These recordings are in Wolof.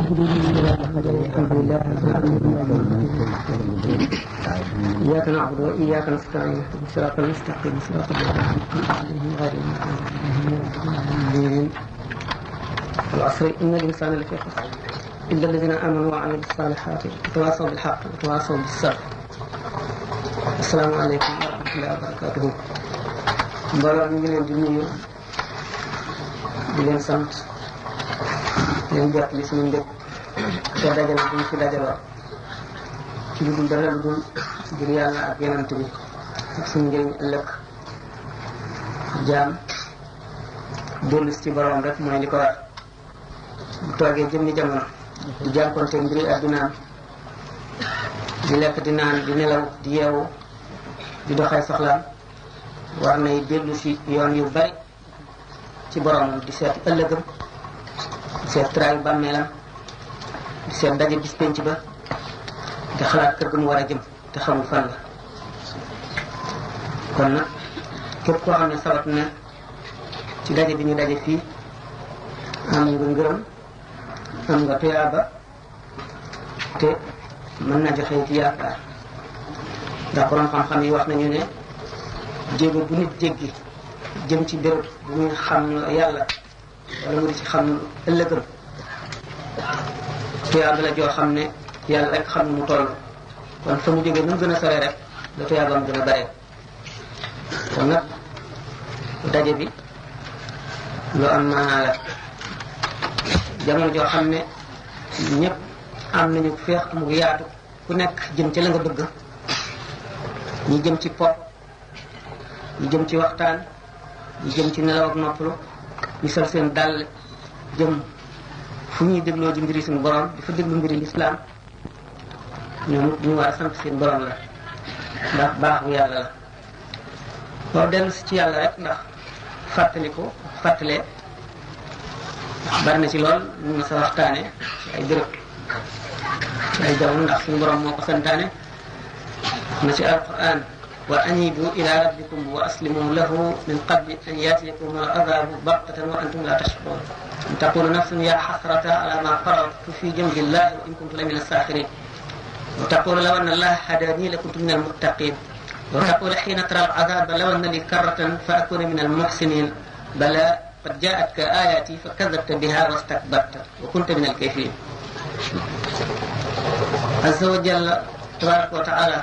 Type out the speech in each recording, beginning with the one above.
إياك نعبد وإياك نستعين صراط المستقيم صراط الذين غير العصر إن الإنسان لفي خسر إلا الذين آمنوا وعملوا الصالحات وتواصوا بالحق وتواصوا بالصبر السلام عليكم ورحمة الله وبركاته مبارك من الدنيا بلين سمت ñu jot li suñu njëkk te dajale buñ fi dajaloo ci lu dul dara lu dul ngir yàlla ak yonent bi ak suñu njëriñ ëllëg jaam dellu ci borom rek mooy li ko war bu toogee jëmmi jamono di jànkonte mbiri àddinaam di lekk di naan di nelaw di yeewu di doxee soxlaam war nay dellu ci yoon yu bari ci borom di seet ëllëgam seet tëral penc ba di xalaat kër ga mu jëm te xamul fan la kon nag képp koo xam sabat na ci daje bi ñu daje fii am nga ngërëm am nga tuyaaba te mën na joxe ne bu nit jéggi jëm ci bu xam wala tuyaaba la joo xam ne yàlla rek xam mu toll kon fa mu jógee nu gën a sore rek la tuyaabaam gën a bare kon nag daje bi lu am la jamono joo xam ne ñëpp am nañu feex mu yaatu ku nekk jëm ci la nga bëgg ñi jëm ci pop ñi jëm ci waxtaan ñi jëm ci nelaw ak noppalu sol seen dàll jëm fu ñuy dégloo ji mbiri suñu borom di fa déglu mbiri lislaam ñoom ñu war sant seen borom la ndax baaxu yàlla la loolu dellu si ci yàlla rek ndax fàttali ko fàttalee ndax bari na ci lool ñu ngi sa waxtaane ci ay béréb ci ay jamono ndax suñu borom moo ko na ci alquran وأنيبوا إلى ربكم وأسلموا له من قبل أن يأتيكم العذاب بغتة وأنتم لا تشعرون أن تقول نفس يا حسرة على ما فرطت في جنب الله وإن كنت لمن الساخرين وتقول لو أن الله هداني لكنت من المتقين وتقول حين ترى العذاب لو أن لي كرة فأكون من المحسنين بلى قد جاءتك آياتي فكذبت بها واستكبرت وكنت من الكافرين عز وجل تبارك وتعالى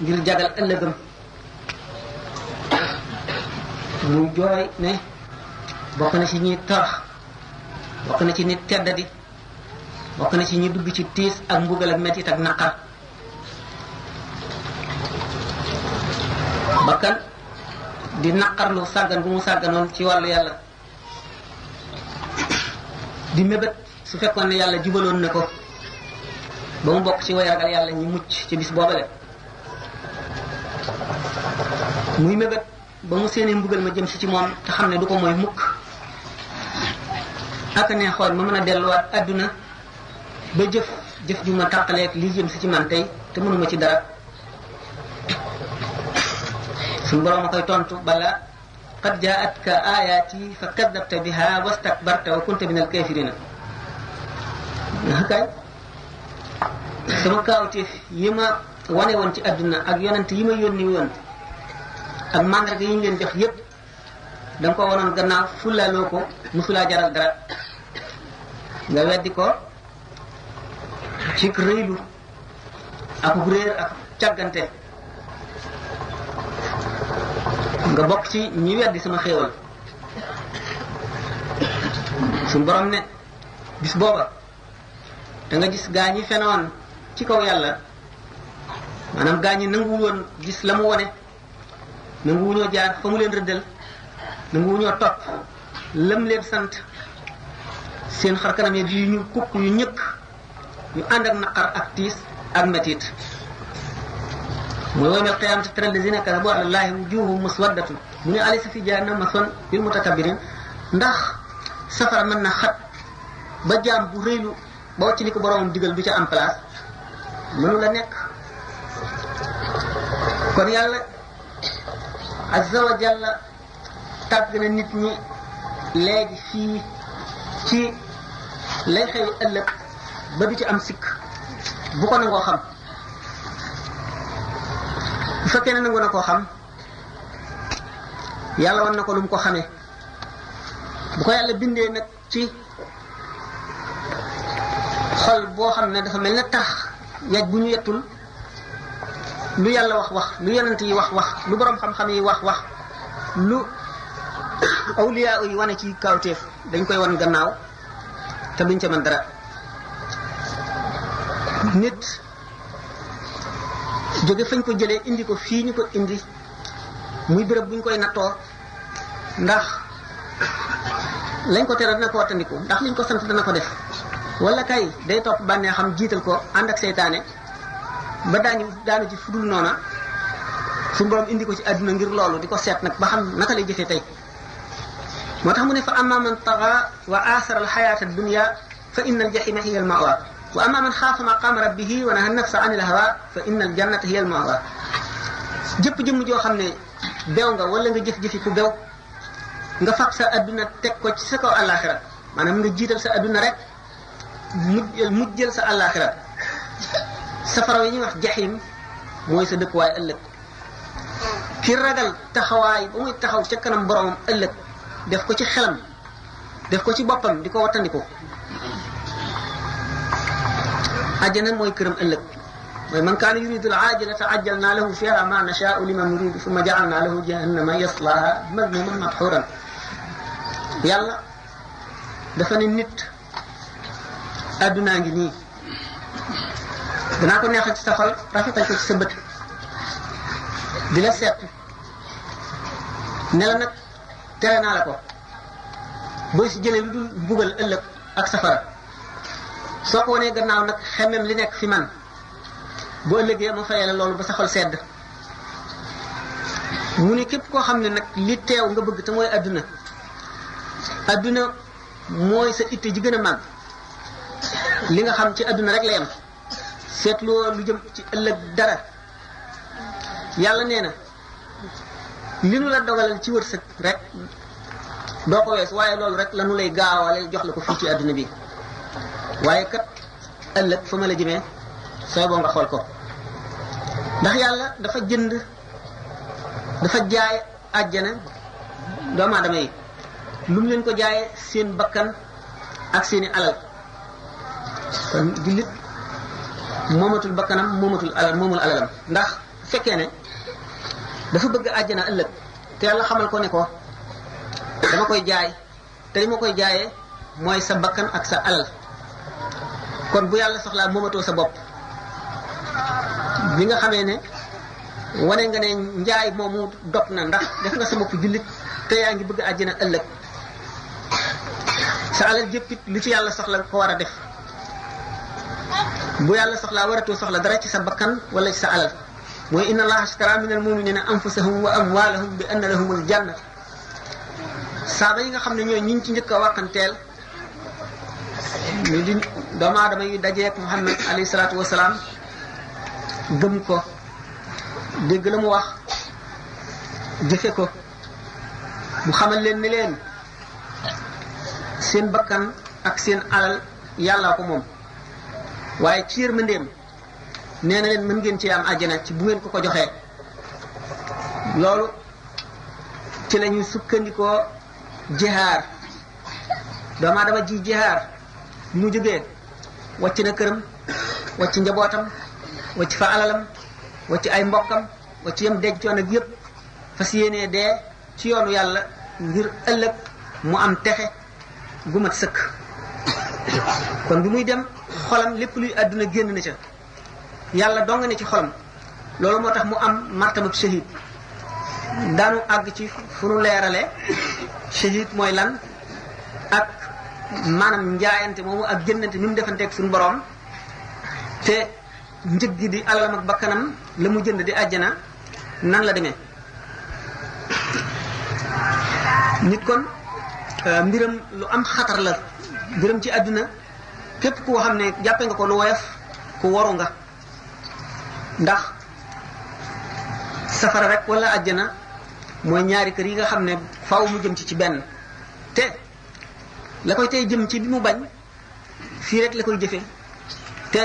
ngir jagal ëllëgam kan mu joy ne bokk na ci ñi tax bokk na ci nit di bokk na ci ñi dugg ci tiis ak mbugal ak metti tak naqar bakkan di lu sàggan bu mu sàgganoon ci wàllu yàlla di mebet su fekkoon ne yàlla jubaloon na ko ba mu bokk ci wayagal ragal yàlla ñi mucc ci bis boobale muy mébét ba mu séenee mbugal ma jëm si ci moom te xam ne du ko mooy mukk ne xool ma mën a delluwaat àdduna ba jëf jëf juma ma tàqaleeg li jëm si ci man tey te mënuma ci dara suñu borom a koy tontu bala qad jaatka ayaati fa kadabta biha wastakbarta wa kunta min alkafirina kay sama kaawteef yi ma wane woon ci àdduna ak yonent yi ma yónni woon ak mandarga yi ñu leen jox yépp da nga ko wonoon gannaaw fulaaloo ko musulaa jaral dara nga weddi ko cik rëylu ak réer ak càggante nga bokk ci ñi weddi sama xéewal suñ borom ne bis booba da nga gis gaa ñi fenoon ci kaw yàlla maanaam gaa ñi nangu woon gis la mu wone nanguwuñoo jaar fa mu leen rëddal nanguwuñoo topp lam leen sant seen xar kanam yi ñu kukk yu ñëkk ñu ànd ak naqar ak tiis ak metit mooy yawmal qiyaamati tara llazina kazabu ala llahi wujuhum muswaddatun mu ne alaysa fi jahannama mathwan lil mutakabbirin ndax safara mën na xat ba jaam bu rëylu ba wàcc li ko boroomam digal du ca am place mënu la nekk kon yàlla azza wa jalla tàgg na nit ñi léegi fii ci lay xewi ëllëg ba du ci am sikk bu ko nangoo xam bu fekkee na nangu na koo xam yàlla wan na ko lu mu ko xamee bu ko yàlla bindee nag ci xol boo xam ne dafa mel ne tax yaj bu ñu yettul lu yàlla wax wax lu yonent yi wax wax lu borom xam-xam yi wax wax lu awliyaa wane ci kawteef dañ koy wan gannaaw te duñ ca mën dara nit jóge fañ ko jëlee indi ko fii ñu ko indi muy béréb buñ koy nattoo ndax lañ ko tere dana ko wattandiku ndax liñ ko sant dana ko def wala kay day topp bànnee xam jiital ko ànd ak seytaane ba daañu daanu ci fudul noona suñu borom indi ko ci àdduna ngir loolu di ko seet nag ba xam naka lay jëfee tey moo tax mu ne fa amma man taxa wa aasara alxayaata dunya fa inna aljahima hiya almawa wa amma man xaafa maqaama rabbihi wa naha nafsa an ilhawa fa inna aljannata hiya almawa jëpp jëmm joo xam ne bew nga wala nga jëf-jëfi ku bew nga fab sa àdduna teg ko ci sa kaw àllaaxira maanaam nga jiital sa àdduna rek mujjal mujjal sa àllaaxira safara yi ñuy wax jaxim mooy sa dëkkuwaay ëllëg hmm. ki ragal taxawaay ba muy taxaw ca kanam boromam ëllëg def ko ci xelam def ko ci boppam di ko wattandiku ajjana mooy këram ëllëg mooy man kaana yuridu al ajilata ajjalna lahu fiha ma nashaau liman nuridu summa jaalna lahu jahannama yaslaha madmuman madxuran yàlla dafa ne nit addunaa ngi nii danaa ko neexal ci sa xol rafetal ko ci sa bët di la seet ne nag tere naa la ko booy si jëlee lu dul mbugal ëllëg ak safara soo ko wanee gannaaw nag xemem li nekk fi man bu ëllëgee ma fayee la loolu ba sa xol sedd mu ne képp koo xam ne nag li teew nga bëgg te mooy adduna adduna mooy sa it ji gën a li nga xam ci àdduna rek la yem seetloo lu jëm ci ëllëg dara yàlla nee na li nu la dogalal ci wërsëg rek doo ko wees waaye loolu rek lanu lay gaawale jox la ko fii ci àdduna bi waaye kat ëllëg fa ma la jëmee sooy boo nga xool ko ndax yàlla dafa jënd dafa jaay àjjana doomu aadama yi lu mu leen ko jaay seen bakkan ak seeni alal kon jullit moomatul bakkanam moomatul alal moomul alalam ndax bu fekkee ne dafa bëgg àjjana ëllëg te yàlla xamal ko ne ko dama koy jaay te li ma koy jaayee mooy sa bakkan ak sa alal kon bu yàlla soxlaa moomatoo sa bopp bi nga xamee ne wane nga ne njaay moomu dog na ndax def nga sa bopp jullit te yaa ngi bëgg àjjana ëllëg sa alal jëppit li ci yàlla soxla ko war a def bu yàlla soxlaa waratoo soxla dara ci sa bakkan wala ci sa alal mooy inna allaha ashtara min almuminina anfusahum wa amwalahum bi anna lahumul janna saaba yi nga xam ne ñooy ñi ci njëkk a wàqanteel ñu di doomu aadama yu dajeek muhammad ko dégg la mu wax leen ne seen bakkan ak seen alal yàllaa ko moom waaye ci yërmandeem nee na leen mën ngeen ci am àjjana ci bu ngeen ko ko joxe loolu ci lañuy sukkandikoo jihaar doomu dama ji jihaar mu jógee wàcc na këram wàcc njabootam wàcc fa alalam wàcc ay mbokkam wàcc yam dencoon ak yëpp fas yéenee dee ci yoonu yàlla ngir ëllëg mu am texe gu mat sëkk kon bi muy dem xolam lépp luy àdduna génn na ca yàlla dong ne ci xolam loolu moo tax mu am martabab shahid daanu àgg ci fu nu leerale shahid mooy lan ak maanaam njaayante moomu ak jëndante ni mu defanteeg suñu boroom te njëg gi di alalam ak bakkanam la mu jënd di àjjana nan la demee nit kon euh, mbiram lu am xatar la gërëm ci àdduna képp koo xam ne jàppe nga ko lu woyof ku waru nga ndax safara rek wala àjjana mooy ñaari kër yi nga xam ne faw mu jëm ci ci benn te la koy tey jëm ci bi mu bañ fii rek la koy jëfe te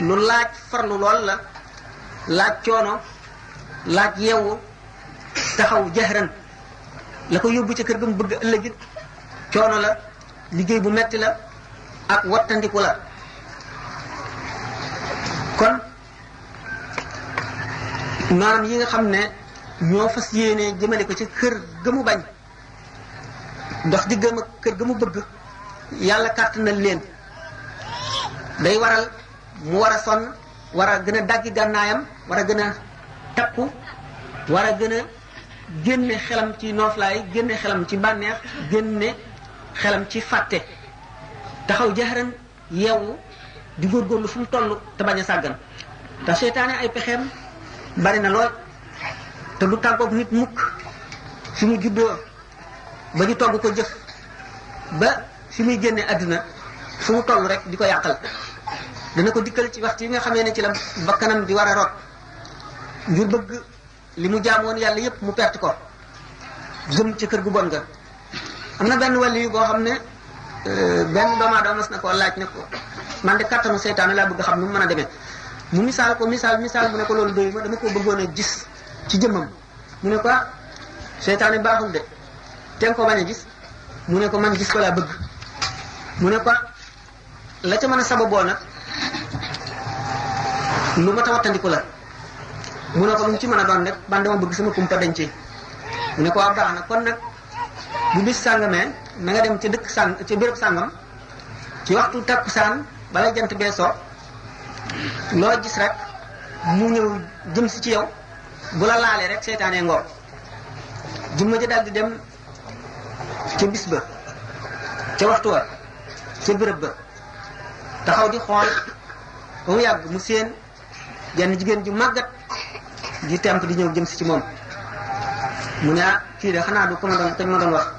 lu laaj farlu lool la laaj coono laaj yeewu taxaw jaxran la ko yóbbu ci kër ga mu bëgg ëllëgit coono la liggéey bu metti la ak wattandiku la kon maanaam yi nga xam ne ñoo fas yéene jëmale ko ci kër ga mu bañ ndox di gëm kër ga mu bëgg yàlla kàttanal leen day waral mu war a sonn war a gën a daggi gànnaayam war a gën a takku war a gën a génne xelam ci nooflaay génne xelam ci bànneex génne xelam ci fàtte taxaw jaxaran yeewu di góor fu mu toll te bañ a sàggan te seytaane ay pexem bari na lool te du tàggoog nit mukk fi mu juddoo ba ñu togg ko jëf ba fi muy génne àdduna fu mu toll rek di ko yàqal dana ko dikkal ci waxtu yi nga xamee ne ci la bakkanam di war a rot ngir bëgg li mu jaam woon yàlla yépp mu perte ko jëm ci kër gu bon ga amna ben wali go, xamne ben ne euh, do mas na laaj nako man de katam setan la bëgg xam nu mëna mën mu misal ko misal, misal, mu ne ko lolou doyu ma dama ko bëggone gis ci jëmam mu ne ko ah, seytaane baaxum de ko bañ gis mu ne ko man gis ko la bëgg mu ne ko ah, la ca mëna sababo nak lu ma tawattandiku la mu ne ko lu mu ci mëna doon rek bëgg sama kumpa dañ ci mu ne ko ah, kon nak bu bis sàngamee nanga dem ca dëkk sàng ca béréb sàngam ci waxtu takkusaan bala jant bee soo loo gis rek mu ñëw jëm si ci yow bu la laalee rek seytaanee ngoor jumma ji daal di dem ca bis ba ca waxtu wa ca béréb ba taxaw di xool ba mu yàgg mu séen jenn jigéen ju màggat di temp di ñëw jëm si ci moom mu ne ah kii de xanaa du ko ma doon kañ ma doon wax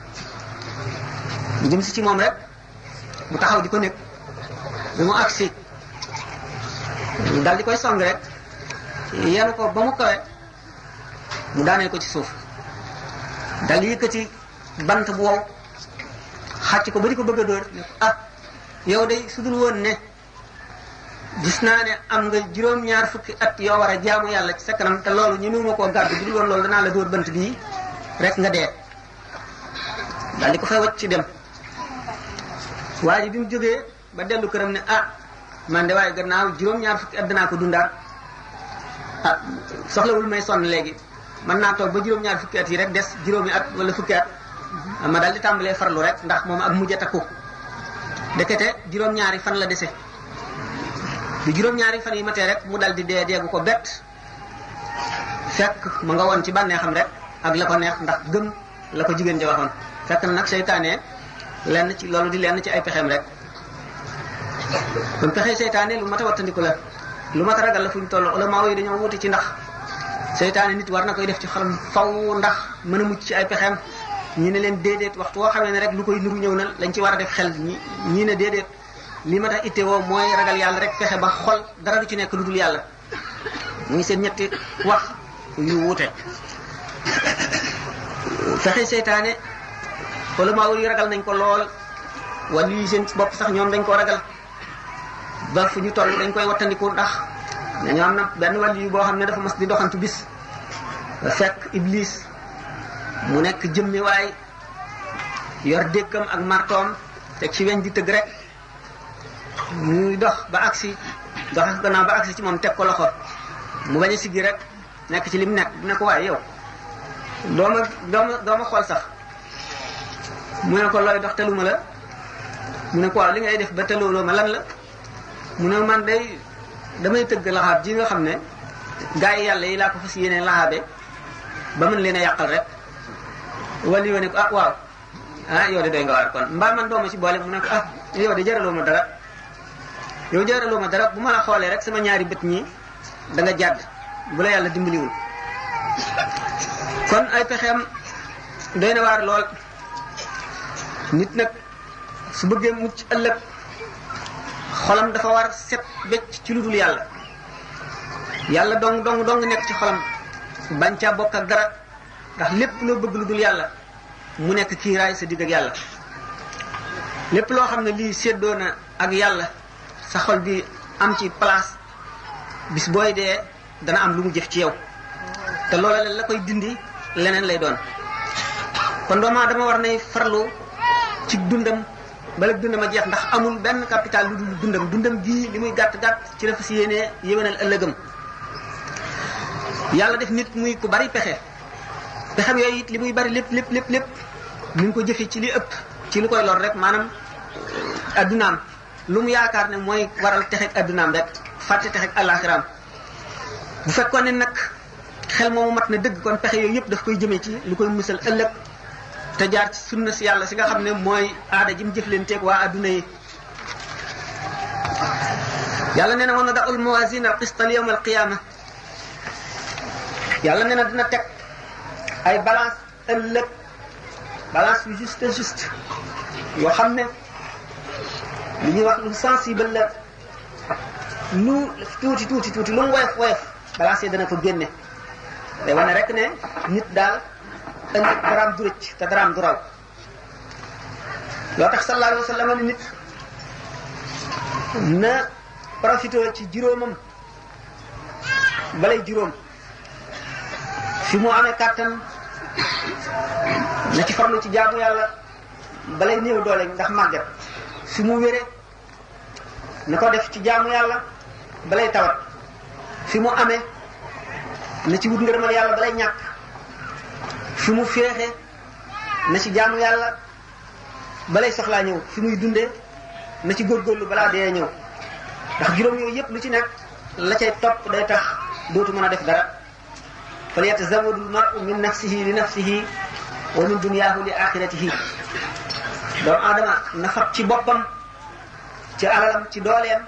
di jëm si ci moom rek mu taxaw di ko nekk bi mu agsi dal di koy song rek yenu ko ba mu kawe mu daaneel ko ci suuf dal di yëkkati bant bu wow xàcc ko ba di ko bëgg a dóor ah yow de su dul woon ne gis naa ne am nga juróom-ñaar fukki at yoo war a jaamu yàlla ci sa kanam te loolu ñu koo gàddu dul woon loolu danaa la dóor bant bii rek nga dee dal di ko fay wacc ci dem waa ji bi mu jógee ba dellu këram ni ah man de waaye gannaaw juróom-ñaar fukki at danaa ko dundaat ah, may sonn léegi mën naa toog ba juróom-ñaar yi rek des juróomi at wala fukki at ma daal di tàmbalee farlu rek ndax moom ak mujj a takku dekete juróom-ñaari fan la dese bi juróom-ñaari fan yi matee rek mu dal di dee deegu ko bett fekk mu nga woon ci bànneexam rek ak la ko neex ndax gëm la ko jigéen ja waxoon fekk na nag seytaane lenn ci loolu di lenn ci ay pexeem rek kon pexe seytaane lu mat a wattandiku la lu mat a ragal la fu ñu toll ulama yi dañoo wuti ci ndax seytaane nit war na koy def ci xalam faw ndax mën a mucc ci ay pexeem ñi ne leen déedéet waxtu woo xamee ne rek lu koy nuru ñëw na lañ ci war a def xel ñi ñi ne déedéet li ma a itte woo mooy ragal yàlla rek fexe ba xol dara lu ci nekk lu dul yàlla muy seen ñetti wax yu wuute fexe seytaane ma wuri ragal nañ ko lool wala yi seen bopp sax ñoom dañ ko ragal ba fu ñu toll dañ koy wattandiku ndax ñu am na benn wali yu boo xam ne dafa mas di doxantu bis fekk iblis mu nekk jëmmi waay yor déggam ak martoom te ci weñ di tëgg rek muy dox ba aksi dox ak gannaaw ba aksi ci moom teg ko loxo mu bañ a siggi rek nekk ci lim nekk dina ko waaye yow dooma dooma dooma xool sax mu ne ko looy dox teluma la mu ne ko waaw li ngay def ba telooloo ma lan la mu ne man day damay tëgg laxaab ji nga xam ne gaa yi yàlla yi laa ko fas yéene laxaabe ba mën leen a yàqal rek wali yoo ne ko ah waaw ah yow de doy nga waar kon mbaa man dooma ci boole mu ne ko ah yow de jaraloo ma dara yow jaraloo ma dara bu ma la xoolee rek sama ñaari bët ñi da nga jàdd bu la yàlla dimbaliwul kon ay pexeem doy na waar lool nit nak su bëggee mucc ëllëg xolam dafa war set becc ci ludul yàlla yàlla dong dong dong nekk ci xolam bañ ca bokk ak dara ndax lépp loo bëgg ludul yàlla mu nekk raay sa digg ak yàlla lépp loo xam ne lii séddoo na ak yàlla sa xol bi am ci place bis booy dee dana am lu mu jëf ci yow te loola la koy dindi leneen lay doon kon doomaa dama war nay farlu ci dundam bala dundam a jeex ndax amul benn capital lu dul dundam dundam gii li muy gàtt gàtt ci la fas yéenee yéwénal ëllëgam yàlla def nit muy ku bari pexe pexem yooyu it li muy bari lépp lépp lépp lépp mi ko jëfe ci li ëpp ci lu koy lor rek maanaam addunaam lu mu yaakaar ne mooy waral texe addunaam rek fàtte texe àllaaxiraam bu fekkoon ne nag xel moomu mat na dëgg kon pexe yooyu yëpp daf koy jëmee ci lu koy musal ëllëg te jaar ci sunna si yàlla si nga xam ne mooy aada jim jëflanteeg waa adduna yi yàlla nee na wa nada'u al-mawaaziin al-qista li yawm al-qiyaama yàlla nee na dina teg ay balance ëllëg balance yu juste juste yoo xam ne li ñuy wax lu sensible la lu tuuti tuuti tuuti lu mu woyof woyof balance yi dana ko génne day wane rek ne nit daal te nit daraam du rëcc te daraam du raw loo tax sallallahu alayhi wa sallam nit na profité ci juróomam balay juróom fi mu amee kàttan na ci farlu ci jaamu yàlla balay néew doole ndax màggat fi mu wéree na ko def ci jaamu yàlla balay tawat fi mu amee na ci wut ngërëmal yàlla balay ñàkk fi mu na ci jaamu yàlla balay soxlaa ñëw fi muy dunde na ci góorgóorlu balaa dee ñëw ndax juróom yooyu yëpp lu ci nekk la cay topp day tax dootu mën a def dara fal yatazawwadu l-mar'u min nafsihi li nafsihi wa min dunyaahu li axiratihi ci boppam ci alalam ci dooleem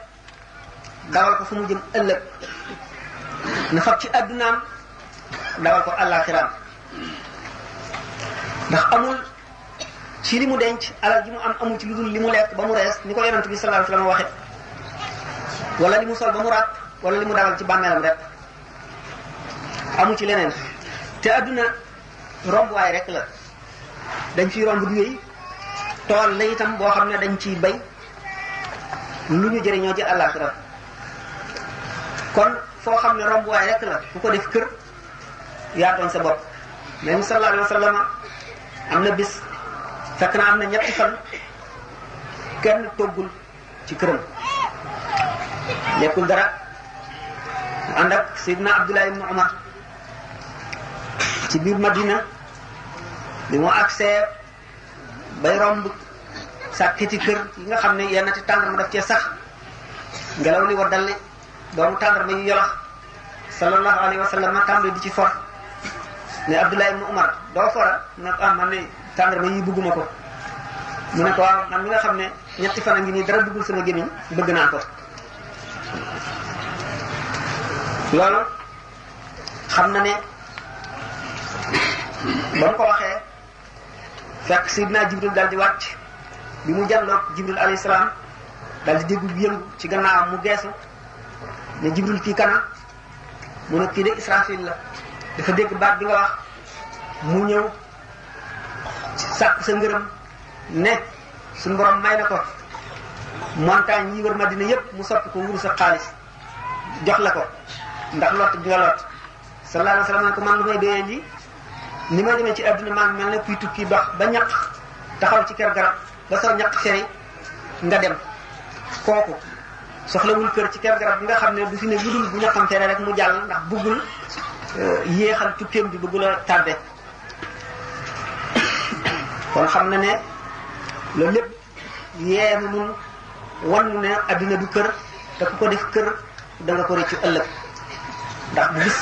dawal ko fu mu jëm ëllëg na ci addunaam dawal ko àllaaxiraam ndax amul ci li mu denc alal ji mu am amul ci lu dul li mu lekk ba mu rees ni ko yonent bi sallallahu alayhi wa sallam li mu sol ba mu ràpp wala li mu dalal ci bàmmeelam rek amu ci leneen te adduna romb waay rek la dañ fiy romb du yéy tool la itam boo xam ne dañ ciy bay lu ñu ñoo ci àllaaxira kon foo xam ne romb waay rek la ku ko def kër yaa tooñ sa bopp mais sallallahu alayhi am na bis fekk na am na ñetti fan kenn toggul ci këram lekkul dara ànd ak Seydina Abdullah ibn Umar ci biir Madina bi mu agsee bay romb sàkkiti kër yi nga xam ne yenn ti tàndarma daf cee sax ngelaw li wa dalli doomu tàndarma yu yolox sallallahu alayhi wa di ci for ne abdullah ibn umar do fora ne ko am ah, man ne ma yi bugguma ko mu ne ko waaw ah, man mi nga xamne ñetti fan ngi ni dara duggul sama gémmiñ bëgg na ko loolu xam na ne ba ko waxe fekk sidna jibril dal di bi mu jallo jibril alayhi salam dal di dégg ci gannaawam mu geesu ne jibril kii kana mu ne ki de israfil la dafa dégg baat bi nga wax mu ñëw sàkk sa ngërëm ne suñu borom may na ko montagne yi wër Madina yépp mu soppi ko wuru sa xaalis jox la ko ndax lott bi nga sa sallallahu alayhi wa sallam ko man lu may doyee lii ni may demee ci adduna maa ngi mel ne kuy tukki dox ba ñaq taxaw ci kër garab ba sa ñaq feri nga dem kooku soxlawul kër ci kër garab nga xam ne du fi ne lu bu ñaqam fere rek mu jàll ndax buggul Euh, yéexal tukkeem bi bëggul a tardé kon xam na ne loolu lépp yeenu mun wan ne addina du kër te ku ko def kër da nga ko rëccu ëllëg ndax bu gis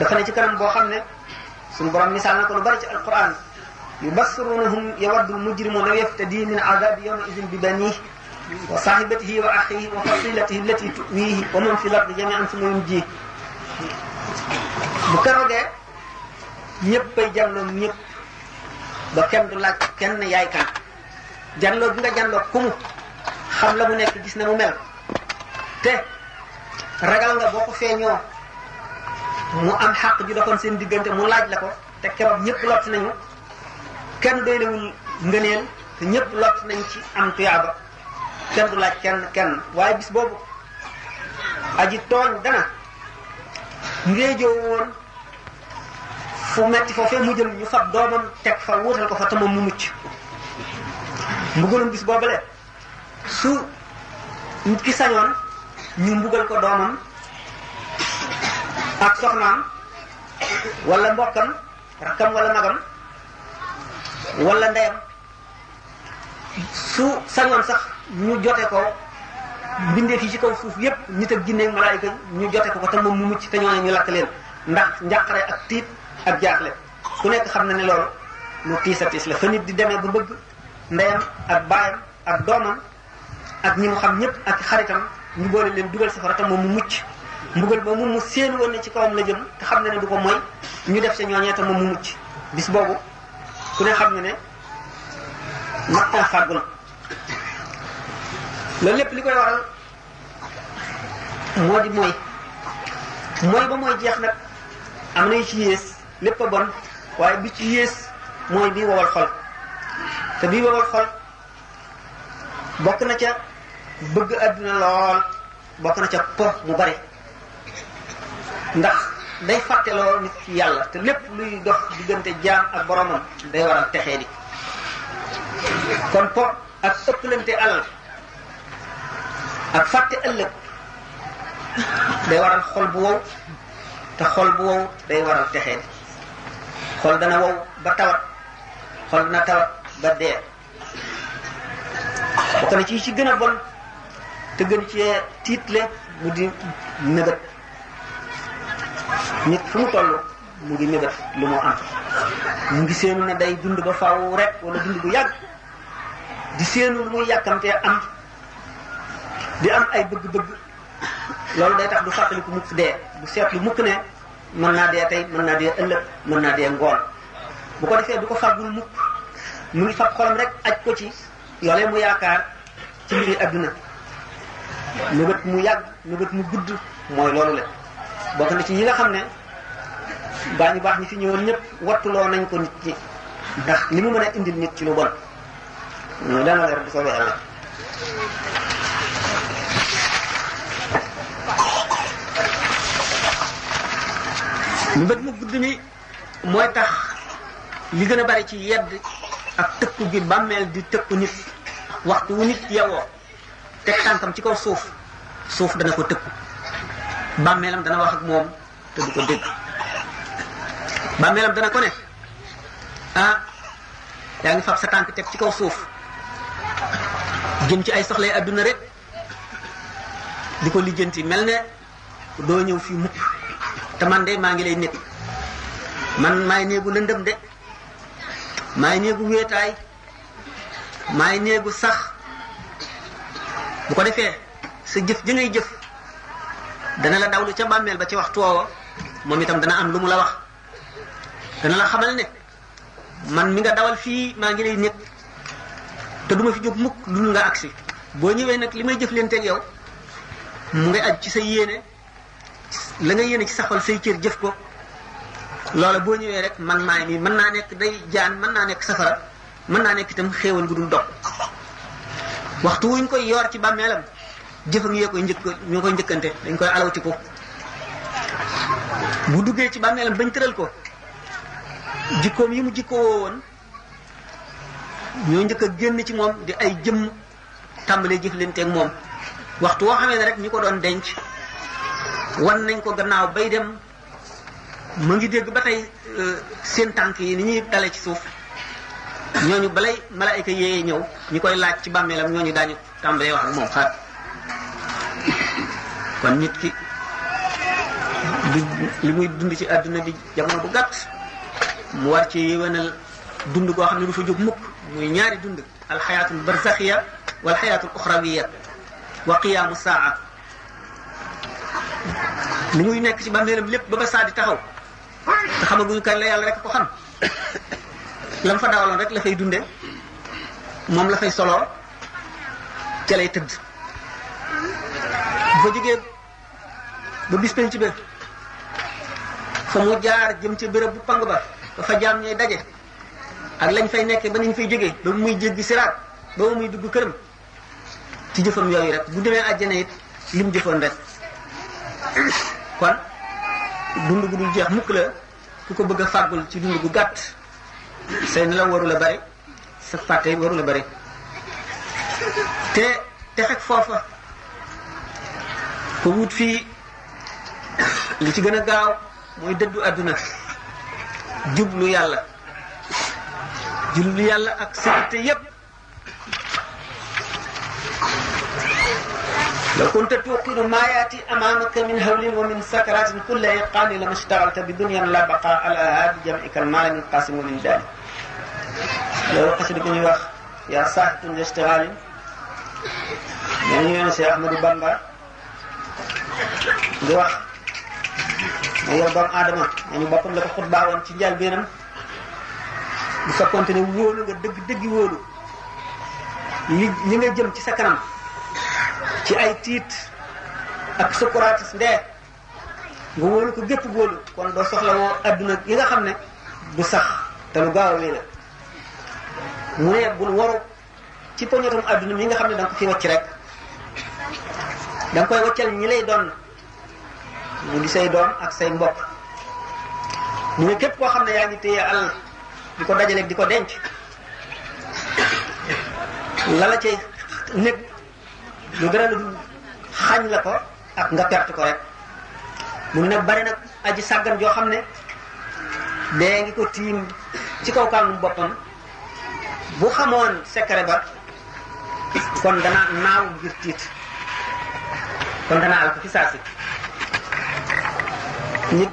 dafa ne ci kanam boo xam ne suñu borom misaal na ko lu bari ci alquran yubassirunahum yawaddu mujrimu law yaftadi min azabi yawma idin bi banihi wa sahibatihi wa akhihi wa fasilatihi allati tuwihi wa man fi l ardi jamian suma yunjihi bu keroogee ñëppay janloog ñëpp ba kenn du laaj kenn yaay kan janloog bi nga janloog ku mu xam la mu nekk gis na mu mel te ragal nga boo ko feeñoo mu am xàq ju doxoon seen diggante mu laaj la ko te keroog ñëpp lott nañu kenn doylewul ngëneel te ñëpp lott nañ ci am tuyaaba kenn du laaj kenn kenn waaye gis boobu aji tooñ dana ngéejoo woon fu metti fofé mu jël ñu fat doomam tek fa wutal ko fa te mu mucc mbugalum bis boobale su nit ki sañon ñu mbugal ko doomam ak soxnam wala mbokam rakam wala magam wala ndeyam su sañon sax ñu joté ko bindee fi ci kaw suuf yépp nit ak jinne malaika ñu joté ko ko mu mucc te ñoo ñu lakk leen ndax njaqare ak tiit ak jaaxle ku nekk xam na ne loolu lu tiis tiis la fa nit di demee ba bëgg ndeyam ak baayam ak doomam ak ñi mu xam ñëpp ak xaritam ñu boole leen dugal safara te moom mu mucc mbugal moomu mu séen woon ne ci kawam la jëm te xam na ne du ko mooy ñu def see ñooñee te moom mu mucc bis boobu ku ne xam ne ne mattaa fàggu na loolu lépp li koy waral moo di mooy mooy ba mooy jeex nag am na yu ci yées lépp bon waaye bi ci yées mooy bi wowal xol te bi wowal xol bokk na ca bëgg àdduna lool bokk na ca po mu bari ndax day fàtteloo nit ci yàlla te lépp luy dox diggante jaam ak boromam day waral texee di kon po ak ëppalante alal ak fàtte ëllëg day waral xol bu wow te xol bu wow day waral texee di xol dana wow ba tawat xol dana tawat ba dee bokk na ci ci gën a bon te gën cee tiitle mu di mébét nit fu mu toll mu ngi mébét lu mu am ngi seenu ne day dund ba faw rek wala dund bu yàgg di seenu lu muy yàkkamtee am di am ay bëgg-bëgg loolu day tax du fàttaliku mukk dee du seetlu mukk ne mën naa dee tey mën naa dee ëllëg mën naa dee ngoon bu ko defee du ko fàggul mukk mu ngi fab xolam rek aj ko ci yoolee mu yaakaar ci mbiri adduna nëbët mu yàgg nëbët mu gudd mooy loolu la bokk na ci yi nga xam ne baa ñu baax ñi fi ñëwoon ñëpp wattuloo nañ ko nit ñi ndax li mu mën a indil nit ci lu bon dana leer bu soobee yàlla mbet mu gudd ni mooy tax li gën a bari ci yedd ak gi bàmmeel di tëkku nit waxtu wu nit yewoo teg tànkam ci kaw suuf suuf dana ko tëkku bàmmeelam dana wax ak moom te du ko dégg dana ko ne ah yaa ngi fab sa tànk teg ci kaw suuf jëm ci ay soxlay rek di ko lijjanti mel ne doo ñëw fii mukk te man de maa ngi lay nit man maay néegu lëndëm de maay néegu wéetaay maay néegu sax bu ko defee sa jëf ji ngay jëf dana la dawlu ca mbàmmeel ba ci wax toow moom itam dana am lu mu la wax dana la xamal ne man mi nga dawal fii maa ngi lay nit te duma fi jóg mukk lu nga agsi boo ñëwee nag li may jëf jëflanteeg yow mu ngi aj ci sa yéene la nga yéene ci saxal say cër jëf ko loola boo ñëwee rek man maay mi mën naa nekk day jaan mën naa nekk safara mën naa nekk itam xéewal gu dul dog waxtu wuñ koy yor ci bàmmeelam jëfam yee koy njëkk ñoo koy njëkkante koy alawti ko bu duggee ci bàmmeelam bañ tëral ko jikkoom yi mu jikko woon ñoo njëkk a génn ci moom di ay jëmm tàmbalee jëflante ak moom waxtu woo xamee ne rek ñu ko doon denc wan nañ ko gannaaw bay dem mu ngi dégg ba tey euh, seen tànk yi ni ñuy dale ci suuf ñooñu balay malaayka yéeye ñëw ñi koy laaj ci bàmmeelam ñooñu daañu tàmbalee wax ak moom xaat kon nit ki du li muy dund ci àdduna bi jamono bu gàtt mu war ci yéwénal dund goo xam ne du fa jóg mukk muy ñaari dund alxayaatul barzaxiya wal xayaatul uxrawiya wa qiyaamu saa li muy nekk ci bàmmeelam lépp ba ba saa taxaw te xamaguñu kan la yàlla rek ko xam lam fa dawaloon rek la fay dunde moom la fay soloo ca lay tëdd bu fa jógee ba bis penc ba fa mu jaar jëm ca bërëb bu pang ba ba fa jaam ñooy daje ak lañ fay nekkee ba nañ fay jógee ba muy jéggi siraat ba muy dugg këram ci jëfam yooyu rek bu demee àjjana it lim jëfoon rek kon dund gu dul jeex mukk la ku ko bëgg a fàggul ci dund gu gàtt say nelaw waru la bari sa fàtte waru la bari te texeg foofa ko wut fii li ci gën a gaaw mooy dëddu àdduna jublu yàlla jublu yàlla ak sécurité yépp لو كنت توقن ما ياتي امامك من هول ومن سكرات كل ايقان لما اشتغلت بدنيا لا بقاء لها بجمعك المال من قاسم من ذلك loolu xasida gi ñuy wax yaa saatun listixaali dañu yoon si Ahmadu Bamba di wax ne yow doomu aadama nañu boppam la ko xutbaa woon ci njëlbéenam bu fekkoonte ne wóolu nga dëgg dëgg wóolu li li nga jëm ci sa kanam ci ay tiit ak sukkuraatis ndee nga wóolu ko gépp góolu kon doo soxla woo adduna yi nga xam ne du sax te lu gaaw wii mu ne bul waru ci poñotum àdduna mi nga xam ne da nga ko fi rek da nga koy waccal lay doon mu di say doom ak say mbokk mu képp koo xam ne yaa ngi téye alal di ko dajaleeg di ko denc lala cay lu dara lu dul la ko ak nga perte ko rek mu ne bari nag aji sàggan joo xam ne dee ngi ko tiim ci kaw kàngum boppam bu xamoon secret ba kon dana naaw ngir tiit kon dana al ko ci nit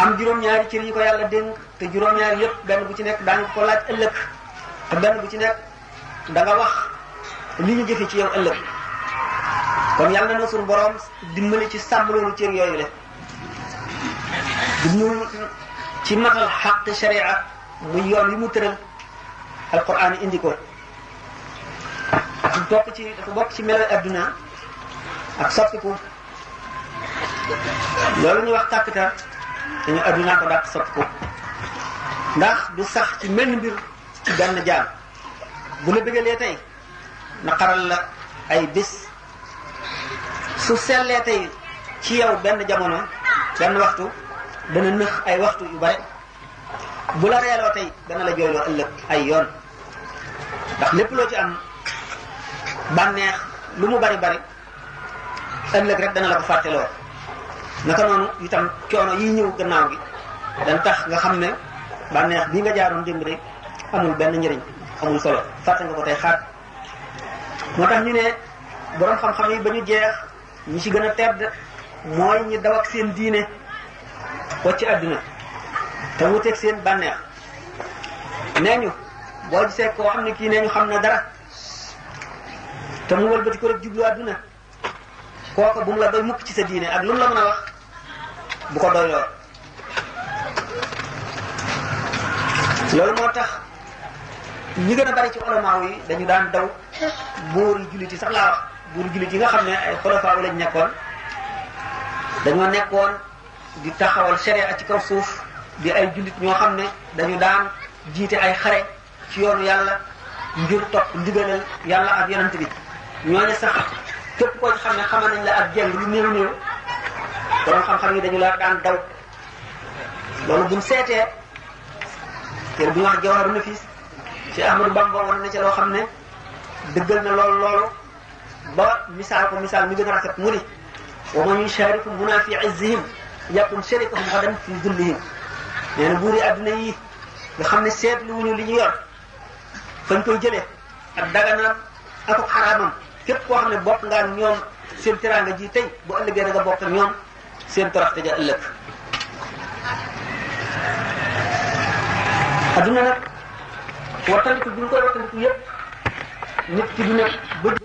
am juróom-ñaari cër yi ko yàlla dénk te juróom-ñaari yëpp benn bu ci nekk daan ko laaj ëllëg te benn bu ci nekk da wax li ñu jëfe ci yow ëllëg kon yàlla na suñu borom dimbali ci sàmm loolu cër yooyu le di ñu ci matal xaq sharia muy yoon yi mu tëral alquran indi ko dafa bokk ci dafa bokk ci melo adduna ak soppiku loolu ñuy wax capital dañu adduna ko dàq soppiku ndax du sax ci mel mbir ci benn jaar bu la bëggalee tey naqaral la ay bis su sellee tey ci yow benn jamono benn waxtu dana nëx ay waxtu yu bare bu la reeloo tey dana la jooyloo ëllëg ay yoon ndax lépp loo ci am bànneex lu mu bari bari ëllëg rek dana la ko fàtteloo naka noonu itam coono yi ñëw gannaaw gi dana tax nga xam ne bànneex bii nga jaaroon démb amul benn njëriñ amul solo fàtte nga ko tey xaat moo tax ñu ne borom xam-xam yi ba ñu jeex ñi ci gën a tedd mooy ñi daw ak seen diine wacc àdduna te wuteeg seen bànneex nee ñu boo gisee koo xam ne kii nee ñu xam na dara te mu wëlbati ko rek jublu àdduna kooka bu mu la doy mukk ci sa diine ak lu mu la mën a wax bu ko doy lool loolu moo tax ñi gën bari ci ulamaa yi dañu daan daw buur jullit yi sax laa wax buur jullit yi nga xam ne ay xolofaa lañ nekkoon dañoo nekkoon di taxawal sharia ci kaw suuf di ay jullit ñoo xam ne dañu daan jiite ay xare ci yoonu yàlla ngir topp ndigalal yàlla ak yonent bi ñoo ne sax képp koo xam ne xamal nañ la ak jeng lu néew néew borom xam-xam yi dañu la daan daw loolu buñ seetee te bu ñu wax jawharu nafis ci Ahmadu bam wan na ci lo xamne deugal na lol lol ba misal ko misal mi gën a rafet mu wa man yushariku buna fi izzihim yakun sharikuhum hadan fi dullihim nee buri buuri yi nga xamne ne seetlu wuñu li ñu yor fañ koy jëlé ak dagana ak xaraamam kep ko xamne bok nga ngaa ñoom seen teranga ji tay bu ëllëgee da nga bok ñoom seen toroxte ja ëllëg aduna nak wattandiku bi ñu koy wattandiku yëpp nit ki dina bëgg